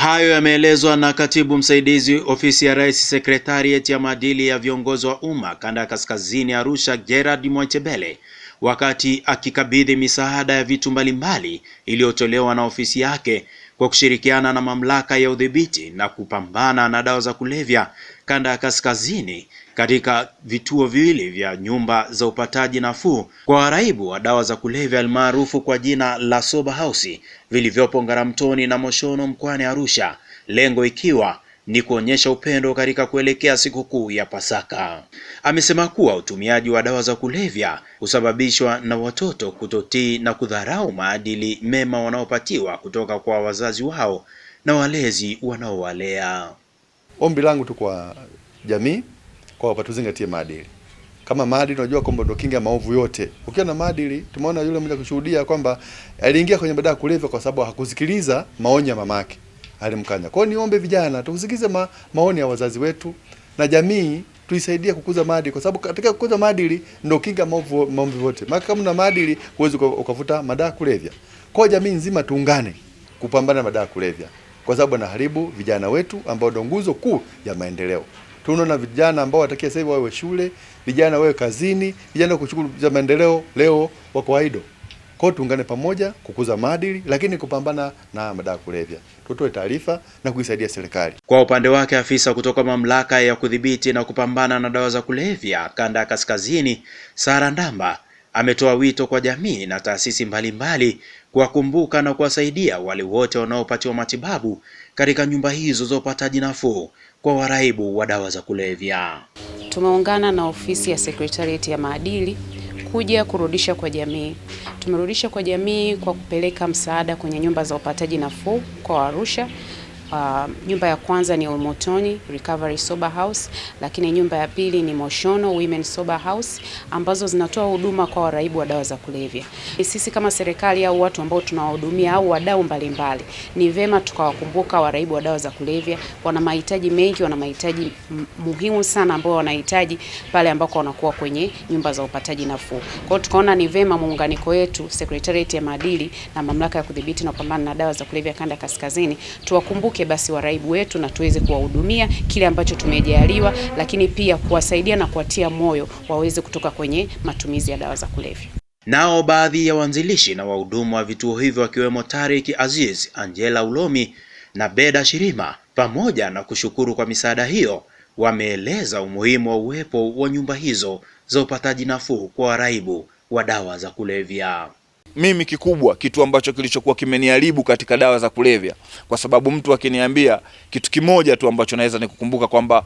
Hayo yameelezwa na katibu msaidizi ofisi ya Rais Sekretarieti ya maadili ya viongozi wa umma kanda ya kaskazini Arusha, Gerard Mwantebele wakati akikabidhi misaada ya vitu mbalimbali iliyotolewa na ofisi yake kwa kushirikiana na mamlaka ya udhibiti na kupambana na dawa za kulevya kanda ya kaskazini katika vituo viwili vya nyumba za upataji nafuu kwa waraibu wa dawa za kulevya almaarufu kwa jina la Sober House vilivyopo Ngaramtoni na Moshono mkoani Arusha, lengo ikiwa ni kuonyesha upendo katika kuelekea sikukuu ya Pasaka. Amesema kuwa utumiaji wa dawa za kulevya husababishwa na watoto kutotii na kudharau maadili mema wanaopatiwa kutoka kwa wazazi wao na walezi wanaowalea. Ombi langu tu kwa jamii kwamba tuzingatie maadili kama maadili. Unajua kwamba ndio kinga ya maovu yote. Ukiwa na maadili, tumeona yule mmoja kushuhudia kwamba aliingia kwenye madawa ya kulevya kwa sababu hakusikiliza maonyo ya mamake alimkanya Kwa hiyo niombe vijana tusikize ma, maoni ya wazazi wetu na jamii tuisaidie kukuza maadili kwa sababu katika kukuza maadili ndio kinga maovu yote. Maana kama una maadili huwezi ukavuta madawa kulevya. Kwa jamii nzima tuungane kupambana na madawa kulevya kwa sababu anaharibu vijana wetu ambao ndio nguzo kuu ya maendeleo. Tunaona vijana ambao watakia sasa hivi wawe shule, vijana wawe kazini, vijana kuchukua za maendeleo leo wako haido. Kwa hiyo tuungane pamoja kukuza maadili, lakini kupambana na madawa ya kulevya, tutoe taarifa na kuisaidia serikali. Kwa upande wake, afisa kutoka mamlaka ya kudhibiti na kupambana na dawa za kulevya kanda ya kaskazini, Sara Ndamba, ametoa wito kwa jamii na taasisi mbalimbali kuwakumbuka na kuwasaidia wale wote wanaopatiwa matibabu katika nyumba hizo za upataji nafuu kwa waraibu wa dawa za kulevya. Tumeungana na ofisi ya sekretarieti ya maadili kuja kurudisha kwa jamii. Tumerudisha kwa jamii kwa kupeleka msaada kwenye nyumba za upataji nafuu kwa Arusha. Uh, nyumba ya kwanza ni Olmotoni Recovery Sober House, lakini nyumba ya pili ni Moshono Women Sober House ambazo zinatoa huduma kwa waraibu wa dawa za kulevya. Sisi kama serikali au watu ambao tunawahudumia au wadau mbalimbali, ni vema tukawakumbuka waraibu wa dawa za kulevya. Wana mahitaji mengi, wana mahitaji muhimu sana ambao wanahitaji pale ambako wanakuwa kwenye nyumba za upataji nafuu. Kwa hiyo tukaona ni vema muunganiko wetu Secretariat ya Maadili na Mamlaka ya Kudhibiti na Kupambana na Dawa za Kulevya Kanda Kaskazini tuwakumbuke tuwakumbuke basi waraibu wetu na tuweze kuwahudumia kile ambacho tumejaliwa, lakini pia kuwasaidia na kuwatia moyo waweze kutoka kwenye matumizi ya dawa za kulevya. Nao baadhi ya waanzilishi na wahudumu wa vituo hivyo wakiwemo Tariq Aziz, Angela Ulomi na Beda Shirima, pamoja na kushukuru kwa misaada hiyo, wameeleza umuhimu wa uwepo wa nyumba hizo za upataji nafuu kwa waraibu wa dawa za kulevya mimi kikubwa kitu ambacho kilichokuwa kimeniharibu katika dawa za kulevya, kwa sababu mtu akiniambia kitu kimoja tu ambacho naweza nikukumbuka kwamba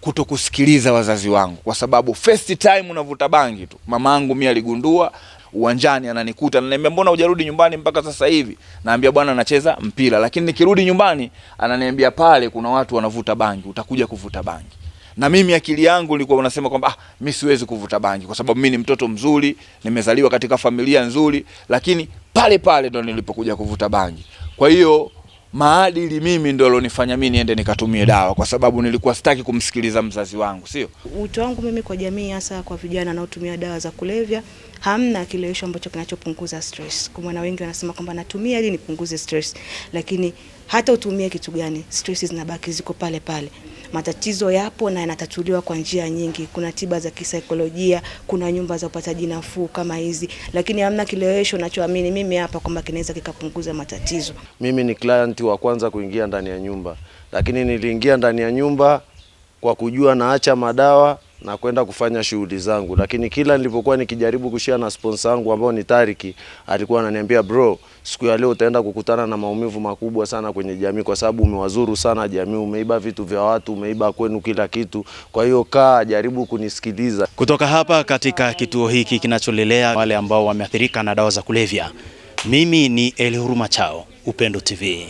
kutokusikiliza wazazi wangu, kwa sababu first time unavuta bangi tu, mama angu mimi aligundua uwanjani ananikuta, ananiambia mbona hujarudi nyumbani mpaka sasa hivi? Naambia bwana, anacheza mpira. Lakini nikirudi nyumbani, ananiambia pale kuna watu wanavuta bangi, utakuja kuvuta bangi na mimi akili yangu ilikuwa unasema kwamba ah, mi siwezi kuvuta bangi kwa sababu mi ni mtoto mzuri, nimezaliwa katika familia nzuri, lakini pale pale ndo nilipokuja kuvuta bangi. Kwa hiyo maadili mimi ndo alonifanya mimi niende nikatumie dawa, kwa sababu nilikuwa sitaki kumsikiliza mzazi wangu. Sio wito wangu mimi kwa jamii, hasa kwa vijana wanaotumia dawa za kulevya, hamna kilewesho ambacho kinachopunguza stress. Kwa maana wengi wanasema kwamba natumia ili nipunguze stress, lakini hata utumie kitu gani, stress zinabaki ziko pale pale matatizo yapo na yanatatuliwa kwa njia nyingi. Kuna tiba za kisaikolojia, kuna nyumba za upataji nafuu kama hizi, lakini hamna kilewesho nachoamini mimi hapa kwamba kinaweza kikapunguza matatizo. Mimi ni client wa kwanza kuingia ndani ya nyumba, lakini niliingia ndani ya nyumba kwa kujua naacha madawa na kwenda kufanya shughuli zangu, lakini kila nilipokuwa nikijaribu kushia na sponsor wangu ambao ni Tariki, alikuwa ananiambia bro, siku ya leo utaenda kukutana na maumivu makubwa sana kwenye jamii, kwa sababu umewazuru sana jamii, umeiba vitu vya watu, umeiba kwenu kila kitu. Kwa hiyo kaa, jaribu kunisikiliza. Kutoka hapa katika kituo hiki kinacholelea wale ambao wameathirika na dawa za kulevya, mimi ni Elihuruma Chao, Upendo TV.